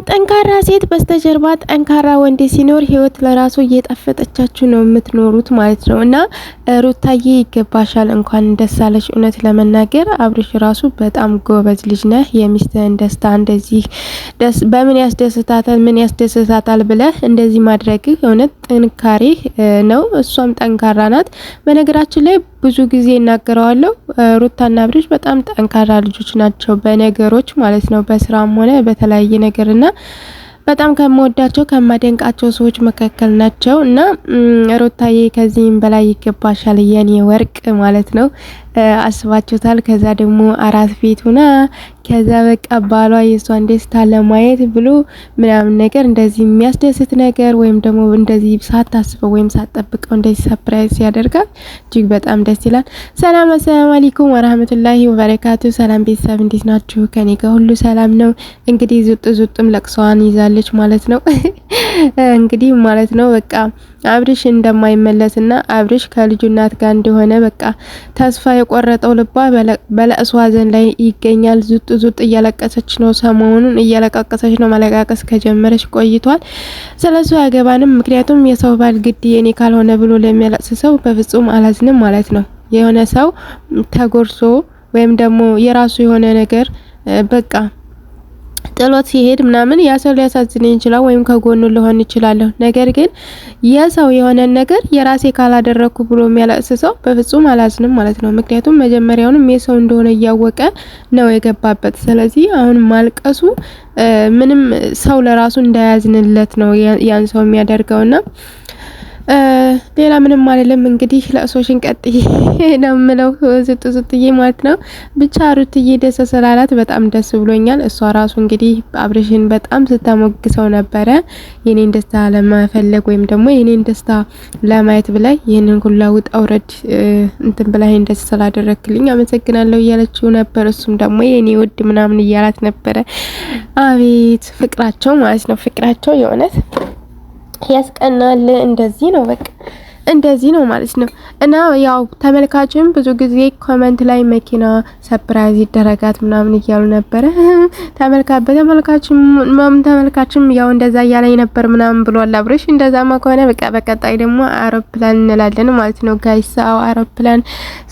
ከጠንካራ ሴት በስተጀርባ ጠንካራ ወንድ ሲኖር ህይወት ለራሱ እየጣፈጠቻችሁ ነው የምትኖሩት ማለት ነው። እና ሩታዬ ይገባሻል፣ እንኳን ደስ አለሽ። እውነት ለመናገር አብርሽ ራሱ በጣም ጎበዝ ልጅ ነህ። የሚስትህን ደስታ እንደዚህ በምን ያስደስታታል ምን ያስደስታታል ብለህ እንደዚህ ማድረግህ እውነት ጥንካሬ ነው። እሷም ጠንካራ ናት። በነገራችን ላይ ብዙ ጊዜ እናገረዋለሁ፣ ሩታና አብርሽ በጣም ጠንካራ ልጆች ናቸው፣ በነገሮች ማለት ነው፣ በስራም ሆነ በተለያየ ነገርና በጣም ከምወዳቸው ከማደንቃቸው ሰዎች መካከል ናቸው እና ሩታዬ ከዚህም በላይ ይገባሻል የኔ ወርቅ ማለት ነው። አስባችሁታል። ከዛ ደግሞ አራት ቤት ሁና ከዛ በቃ ባሏ የእሷን ደስታ ለማየት ብሎ ምናምን ነገር እንደዚህ የሚያስደስት ነገር ወይም ደግሞ እንደዚህ ሳታስበው ወይም ሳትጠብቀው እንደዚህ ሰርፕራይዝ ያደርጋል። እጅግ በጣም ደስ ይላል። ሰላም አሰላም አለይኩም ወራህመቱላሂ ወበረካቱ። ሰላም ቤተሰብ እንዴት ናችሁ? ከኔ ጋር ሁሉ ሰላም ነው። እንግዲህ ዙጥ ዙጥም ለቅሷን ይዛለች ማለት ነው። እንግዲህ ማለት ነው በቃ አብርሽ እንደማይመለስና አብርሽ ከልጁ እናት ጋር እንደሆነ በቃ ተስፋ የተቆረጠው ልቧ በለቅሶ ሐዘን ላይ ይገኛል። ዙጥ ዙጥ እያለቀሰች ነው። ሰሞኑን እያለቃቀሰች ነው። መለቃቀስ ከጀመረች ቆይቷል። ስለሱ ያገባንም፣ ምክንያቱም የሰው ባል ግድ የኔ ካልሆነ ብሎ ለሚያለቅስ ሰው በፍጹም አላዝንም ማለት ነው። የሆነ ሰው ተጎርሶ ወይም ደግሞ የራሱ የሆነ ነገር በቃ ጥሎት ሲሄድ ምናምን ያ ሰው ሊያሳዝነኝ ይችላል ወይም ከጎኑ ልሆን ይችላለሁ። ነገር ግን የሰው የሆነን ነገር የራሴ ካላደረግኩ ብሎ የሚያለቅስ ሰው በፍጹም አላዝንም ማለት ነው። ምክንያቱም መጀመሪያውንም የሰው እንደሆነ እያወቀ ነው የገባበት። ስለዚህ አሁን ማልቀሱ ምንም ሰው ለራሱ እንዳያዝንለት ነው ያን ሰው የሚያደርገውና ሌላ ምንም አይደለም። እንግዲህ ለእሶሽን ቀጥዬ ነው የምለው ዝጥ ዝጥዬ ማለት ነው። ብቻ ሩትዬ ደስ ስላላት በጣም ደስ ብሎኛል። እሷ ራሱ እንግዲህ አብርሽን በጣም ስታሞግሰው ነበረ። የኔን ደስታ ለማፈለግ ወይም ደግሞ የኔን ደስታ ለማየት ብላይ ይህንን ሁላ ውጣ ውረድ እንትን ብላ ይህን ደስ ስላደረክልኝ አመሰግናለሁ እያለችው ነበር። እሱም ደግሞ የኔ ውድ ምናምን እያላት ነበረ። አቤት ፍቅራቸው ማለት ነው ፍቅራቸው የእውነት ያስቀናል። እንደዚህ ነው በቃ እንደዚህ ነው ማለት ነው። እና ያው ተመልካችም ብዙ ጊዜ ኮመንት ላይ መኪና ሰፕራይዝ ይደረጋት ምናምን እያሉ ነበረ። ተመልካ በተመልካችም ተመልካችም ያው እንደዛ እያለኝ ነበር ምናምን ብሎ አላብረሽ። እንደዛማ ከሆነ በቃ በቀጣይ ደግሞ አውሮፕላን እንላለን ማለት ነው ጋይስ። አው አውሮፕላን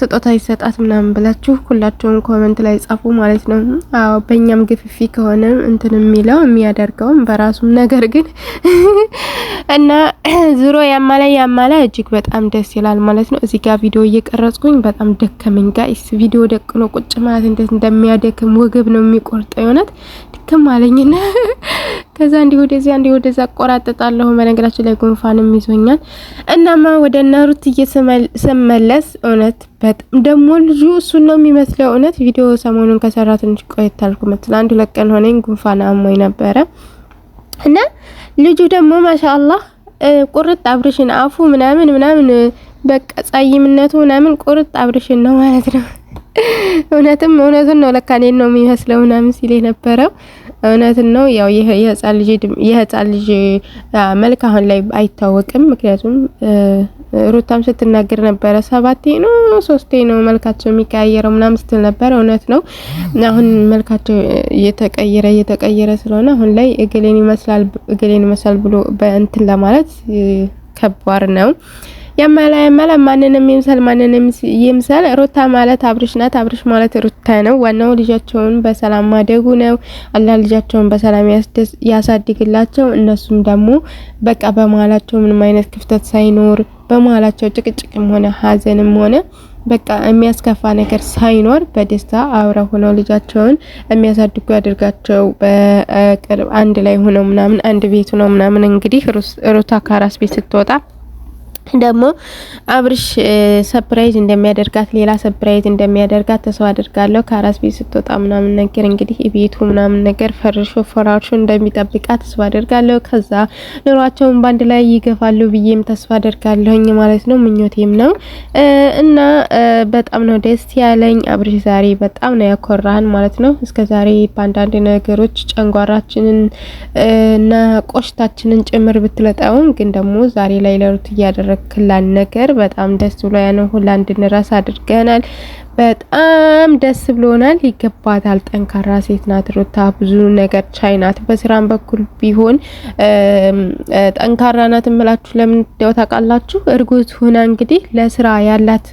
ስጦታ ይሰጣት ምናምን ብላችሁ ሁላችሁም ኮመንት ላይ ጻፉ ማለት ነው። አው በእኛም ግፍፊ ከሆነ እንትን የሚለው የሚያደርገውም በራሱም ነገር ግን እና ዝሮ ያማለ ያማለ እጅግ እጅግ በጣም ደስ ይላል ማለት ነው። እዚህ ጋር ቪዲዮ እየቀረጽኩኝ በጣም ደከመኝ ጋይስ። ቪዲዮ ደቅኖ ቁጭ ማለት እንዴት እንደሚያደክም ወገብ ነው የሚቆርጠው። የሆነት ድክም አለኝና ከዛ እንዲህ ወደዚህ እንዲህ ወደዛ አቆራጥጣለሁ። በነገራችን ላይ ጉንፋንም ይዞኛል። እናማ ወደ ናሩት እየስመለስ እውነት በጣም ደግሞ ልጁ እሱን ነው የሚመስለው። እውነት ቪዲዮ ሰሞኑን ከሰራ ትንሽ ቆየት አልኩ መሰለኝ፣ አንድ ሁለት ቀን ሆነኝ። ጉንፋን አሞኝ ነበረ እና ልጁ ደግሞ ማሻአላህ ቁርጥ አብርሽን አፉ ምናምን ምናምን በቃ ጸይምነቱ ምናምን ቁርጥ አብርሽን ነው ማለት ነው። እውነትም እውነቱን ነው ለካ እኔን ነው የሚመስለው ምናምን ሲል የነበረው እውነትን ነው። ያው የህፃን ልጅ መልክ አሁን ላይ አይታወቅም። ምክንያቱም ሩታም ስትናገር ነበረ ሰባቴ ነው ሶስቴ ነው መልካቸው የሚቀያየረው ምናምን ስትል ነበር። እውነት ነው። አሁን መልካቸው እየተቀየረ እየተቀየረ ስለሆነ አሁን ላይ እግሌን ይመስላል እገሌን ይመስላል ብሎ በእንትን ለማለት ከባድ ነው። የማላየመላ ማንንም ይምሰል ማንንም ይምሰል ሩታ ማለት አብርሽ ናት፣ አብርሽ ማለት ሩታ ነው። ዋናው ልጃቸውን በሰላም ማደጉ ነው። አላህ ልጃቸውን በሰላም ያሳድግላቸው። እነሱም ደግሞ በቃ በመሀላቸው ምንም አይነት ክፍተት ሳይኖር በመሀላቸው ጭቅጭቅም ሆነ ሀዘንም ሆነ በቃ የሚያስከፋ ነገር ሳይኖር በደስታ አብረ ሆነው ልጃቸውን የሚያሳድጉ ያደርጋቸው። በቅርብ አንድ ላይ ሆነው ምናምን አንድ ቤት ነው ምናምን እንግዲህ ሩታ ካራስ ቤት ስትወጣ ደግሞ አብርሽ ሰፕራይዝ እንደሚያደርጋት ሌላ ሰፕራይዝ እንደሚያደርጋት ተስፋ አድርጋለሁ። ከአራስ ቤት ስትወጣ ምናምን ነገር እንግዲህ ቤቱ ምናምን ነገር ፈርሾ ፈራሹ እንደሚጠብቃት ተስፋ አድርጋለሁ። ከዛ ኑሯቸውን በአንድ ላይ ይገፋሉ ብዬም ተስፋ አድርጋለሁኝ ማለት ነው፣ ምኞቴም ነው እና በጣም ነው ደስ ያለኝ። አብርሽ ዛሬ በጣም ነው ያኮራህን ማለት ነው። እስከ ዛሬ በአንዳንድ ነገሮች ጨንጓራችንን እና ቆሽታችንን ጭምር ብትለጠውም ግን ደግሞ ዛሬ ላይ ለሩት እያደረገ ላደረክላን ነገር በጣም ደስ ብሎ ያን ሁላ እንድንረሳ አድርገናል። በጣም ደስ ብሎናል። ይገባታል። ጠንካራ ሴት ናት ሩታ ብዙ ነገር ቻይ ናት። በስራም በኩል ቢሆን ጠንካራ ናት እምላችሁ ለምን እንደው ታውቃላችሁ። እርጉዝ ሆና እንግዲህ ለስራ ያላት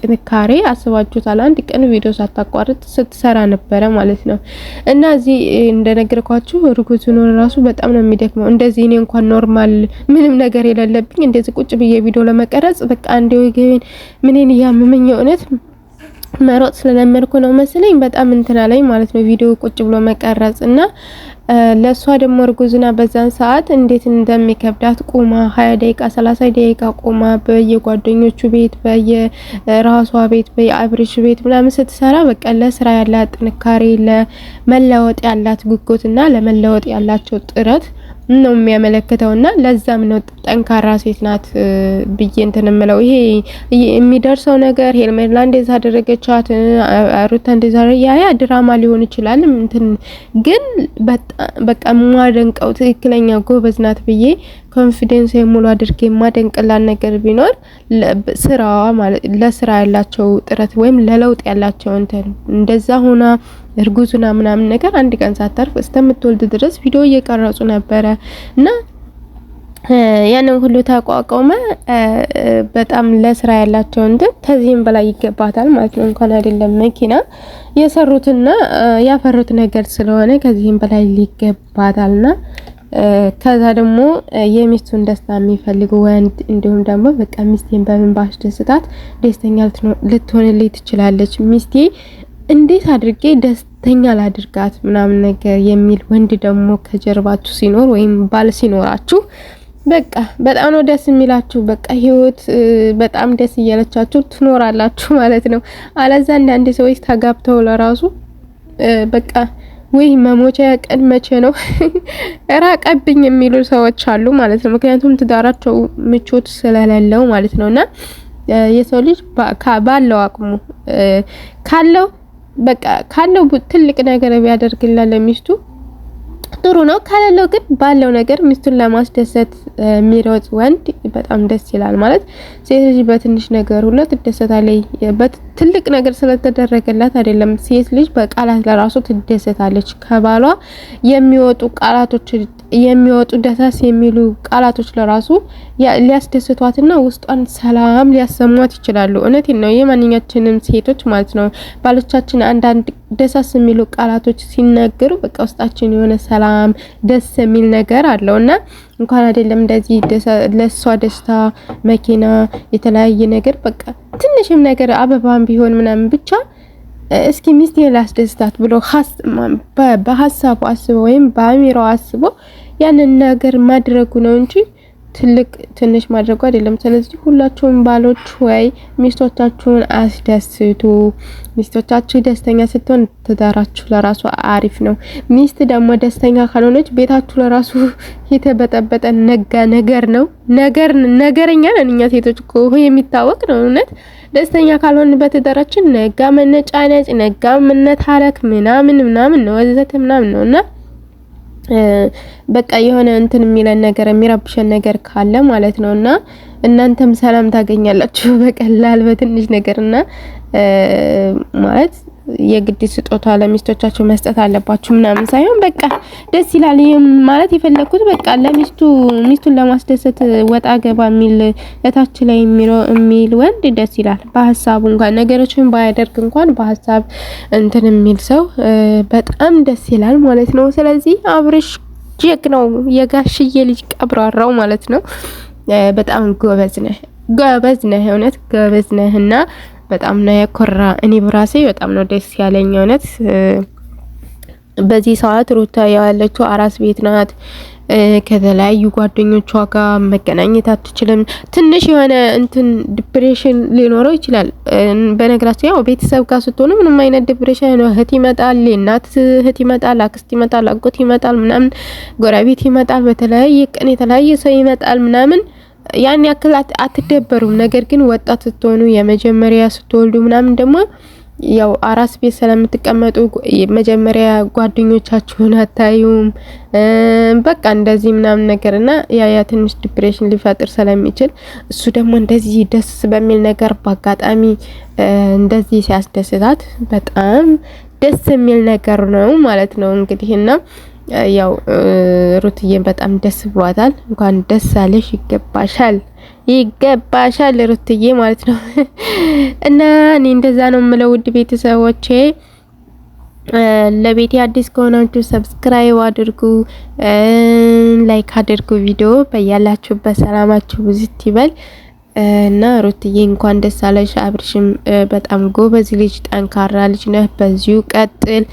ጥንካሬ አስባችሁታል። አንድ ቀን ቪዲዮ ሳታቋርጥ ስትሰራ ነበረ ማለት ነው እና እዚህ እንደነገርኳችሁ እርጉዝ ሆኖ ራሱ በጣም ነው የሚደክመው። እንደዚህ እኔ እንኳን ኖርማል ምንም ነገር የሌለብኝ እንደዚህ ቁጭ ብዬ ቪዲዮ ለመቀረጽ በቃ እንዲሁ ግን ምንን እያመመኝ እውነት መሮጥ ስለለመድኩ ነው መሰለኝ በጣም እንትና ላይ ማለት ነው ቪዲዮ ቁጭ ብሎ መቀረጽ እና ለእሷ ደግሞ እርጉዝና በዛን ሰዓት እንዴት እንደሚከብዳት ቁማ ሀያ ደቂቃ ሰላሳ ደቂቃ ቁማ በየጓደኞቹ ቤት በየራሷ ቤት በየአብሪሽ ቤት ምናምን ስትሰራ በቃ ለስራ ያላት ጥንካሬ ለመለወጥ ያላት ጉጉትና ለመለወጥ ያላቸው ጥረት ነው የሚያመለክተው እና ለዛም ነው ጠንካራ ሴት ናት ብዬ እንትን ምለው። ይሄ የሚደርሰው ነገር ሄርሜላ እንደዛ አደረገቻት፣ ሩታ እንደዛ ያ ያ ድራማ ሊሆን ይችላል እንትን ግን በጣም በቃ የማደንቀው ትክክለኛ ጎበዝ ናት ብዬ ኮንፊደንስ የሙሉ አድርጌ የማደንቅላት ነገር ቢኖር ስራዋ ማለት ለስራ ያላቸው ጥረት ወይም ለለውጥ ያላቸው እንትን እንደዛ ሆና እርጉዙና ምናምን ነገር አንድ ቀን ሳታርፍ እስከምትወልድ ድረስ ቪዲዮ እየቀረጹ ነበረ እና ያንን ሁሉ ተቋቋመ በጣም ለስራ ያላቸው እንትን ከዚህም በላይ ይገባታል ማለት ነው። እንኳን አይደለም መኪና የሰሩትና ያፈሩት ነገር ስለሆነ ከዚህም በላይ ሊገባታልና ከዛ ደግሞ የሚስቱን ደስታ የሚፈልጉ ወንድ እንዲሁም ደግሞ በቃ ሚስቴን በምን ባስደስታት ደስተኛ ልትሆንልኝ ትችላለች፣ ሚስቴ እንዴት አድርጌ ደስተኛ ላድርጋት ምናምን ነገር የሚል ወንድ ደግሞ ከጀርባችሁ ሲኖር ወይም ባል ሲኖራችሁ በቃ በጣም ነው ደስ የሚላችሁ። በቃ ህይወት በጣም ደስ እያለቻችሁ ትኖራላችሁ ማለት ነው። አለዛ አንዳንድ ሰዎች ተጋብተው ለራሱ በቃ ወይ መሞቻ ቀን መቼ ነው እራቀብኝ የሚሉ ሰዎች አሉ ማለት ነው። ምክንያቱም ትዳራቸው ምቾት ስለሌለው ማለት ነውና የሰው ልጅ ባለው አቅሙ ካለው በቃ ካለው ትልቅ ነገር ቢያደርግላ ለሚስቱ ጥሩ ነው። ከሌለው ግን ባለው ነገር ሚስቱን ለማስደሰት የሚሮጥ ወንድ በጣም ደስ ይላል። ማለት ሴት ልጅ በትንሽ ነገር ሁሉ ትደሰታለች። በትልቅ ነገር ስለተደረገላት አይደለም። ሴት ልጅ በቃላት ለራሱ ትደሰታለች። ከባሏ የሚወጡ ቃላቶች የሚወጡ ደሳስ የሚሉ ቃላቶች ለራሱ ሊያስደስቷትና ውስጧን ሰላም ሊያሰሟት ይችላሉ። እውነቴን ነው። የማንኛችንም ሴቶች ማለት ነው ባሎቻችን አንዳንድ ደሳስ የሚሉ ቃላቶች ሲናገሩ በቃ ውስጣችን የሆነ ሰላም፣ ደስ የሚል ነገር አለው እና እንኳን አይደለም እንደዚህ ለእሷ ደስታ መኪና፣ የተለያየ ነገር በቃ ትንሽም ነገር አበባም ቢሆን ምናምን ብቻ እስኪ ሚስቴ ላስደስታት ብሎ በሀሳቡ አስቦ ወይም በአሚሮ አስቦ ያንን ነገር ማድረጉ ነው እንጂ ትልቅ ትንሽ ማድረጉ አይደለም። ስለዚህ ሁላችሁም ባሎች ወይ ሚስቶቻችሁን አስደስቱ። ሚስቶቻችሁ ደስተኛ ስትሆን ትዳራችሁ ለራሱ አሪፍ ነው። ሚስት ደግሞ ደስተኛ ካልሆነች ቤታችሁ ለራሱ የተበጠበጠ ነጋ ነገር ነው። ነገር ነገረኛ ነን እኛ ሴቶች እኮ የሚታወቅ ነው። እውነት ደስተኛ ካልሆን በትዳራችን ነጋ መነጫነጭ፣ ነጋ መነታረክ ምናምን ምናምን ነው ወዘተ ምናምን ነውና በቃ የሆነ እንትን የሚለን ነገር የሚረብሸን ነገር ካለ ማለት ነው እና እናንተም ሰላም ታገኛላችሁ በቀላል በትንሽ ነገር እና ማለት የግድ ስጦታ ለሚስቶቻቸው መስጠት አለባችሁ ምናምን ሳይሆን በቃ ደስ ይላል። ይሄም ማለት የፈለኩት በቃ ለሚስቱ ሚስቱን ለማስደሰት ወጣ ገባ የሚል እታች ላይ የሚል ወንድ ደስ ይላል። በሀሳቡ እንኳን ነገሮችን ባያደርግ እንኳን በሀሳብ እንትን የሚል ሰው በጣም ደስ ይላል ማለት ነው። ስለዚህ አብርሽ ጀግ ነው የጋሽዬ ልጅ ቀብራራው ማለት ነው። በጣም ጎበዝ ነህ፣ ጎበዝ ነህ፣ እውነት ጎበዝ ነህ እና በጣም ነው ያኮራ። እኔ ብራሴ በጣም ነው ደስ ያለኝ እውነት። በዚህ ሰዓት ሩታ ያለችው አራስ ቤት ናት። ከተለያዩ ጓደኞቿ ጋር መገናኘት አትችልም። ትንሽ የሆነ እንትን ዲፕሬሽን ሊኖረው ይችላል። በነገራችን ያው ቤተሰብ ጋር ስትሆኑ ምንም አይነት ዲፕሬሽን ነው። እህት ይመጣል፣ እናት እህት ይመጣል፣ አክስት ይመጣል፣ አጎት ይመጣል፣ ምናምን ጎረቤት ይመጣል፣ በተለያየ ቀን የተለያየ ሰው ይመጣል ምናምን ያን ያክል አትደበሩም። ነገር ግን ወጣት ስትሆኑ የመጀመሪያ ስትወልዱ ምናምን ደግሞ ያው አራስ ቤት ስለምትቀመጡ መጀመሪያ ጓደኞቻችሁን አታዩም። በቃ እንደዚህ ምናምን ነገርና ያ ያ ትንሽ ዲፕሬሽን ሊፈጥር ስለሚችል እሱ ደግሞ እንደዚህ ደስ በሚል ነገር በአጋጣሚ እንደዚህ ሲያስደስታት በጣም ደስ የሚል ነገር ነው ማለት ነው እንግዲህ እና ያው ሩትዬን በጣም ደስ ብሏታል። እንኳን ደስ አለሽ፣ ይገባሻል፣ ይገባሻል ሩትዬ ማለት ነው። እና እኔ እንደዛ ነው የምለው ውድ ቤተሰቦቼ። ለቤቴ አዲስ ከሆናችሁ ሰብስክራይብ አድርጉ፣ ላይክ አድርጉ ቪዲዮ። በያላችሁበት ሰላማችሁ ብዙት ይበል። እና ሩትዬ እንኳን ደስ አለሽ። አብርሽም በጣም ጎበዝ ልጅ፣ ጠንካራ ልጅ ነህ። በዚሁ ቀጥል።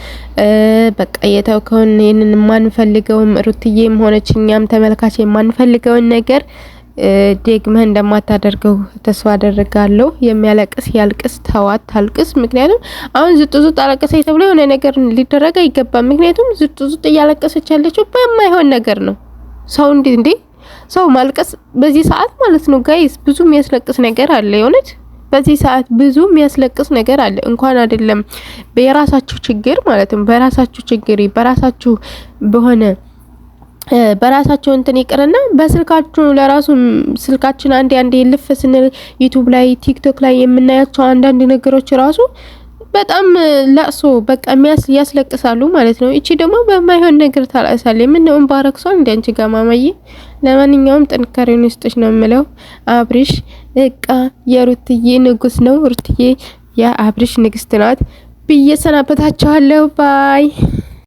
በቃ የተውከውን ይህንን የማንፈልገውም ሩትዬም ሆነች እኛም ተመልካች የማንፈልገውን ነገር ደግመህ እንደማታደርገው ተስፋ አደርጋለሁ። የሚያለቅስ ያልቅስ፣ ተዋት ታልቅስ። ምክንያቱም አሁን ዝጡ ዝጥ አለቀሰች ተብሎ የሆነ ነገር ሊደረግ አይገባም። ምክንያቱም ዝጡ ዝጥ እያለቀሰች ያለችው በማይሆን ነገር ነው። ሰው እንዴ ሰው ማልቀስ በዚህ ሰዓት ማለት ነው ጋይስ፣ ብዙ የሚያስለቅስ ነገር አለ። የሆነች በዚህ ሰዓት ብዙ የሚያስለቅስ ነገር አለ። እንኳን አይደለም በራሳችሁ ችግር ማለት ነው በራሳችሁ ችግር በራሳችሁ በሆነ በራሳቸው እንትን ይቅርና በስልካችሁ ለራሱ ስልካችን አንዴ አንዴ ልፍ ስንል ዩቱብ ላይ ቲክቶክ ላይ የምናያቸው አንዳንድ ነገሮች ራሱ በጣም ለቅሶ በቃ ያስለቅሳሉ ማለት ነው። እቺ ደግሞ በማይሆን ነገር ታላሳለ የምነው ባረክሷን እንደ አንቺ ጋር ማማዬ። ለማንኛውም ጥንካሬውን ይስጥሽ ነው የምለው። አብርሽ እቃ የሩትዬ ንጉስ ነው። ሩትዬ የአብርሽ ንግስት ናት ብዬ ሰናበታችኋለሁ። ባይ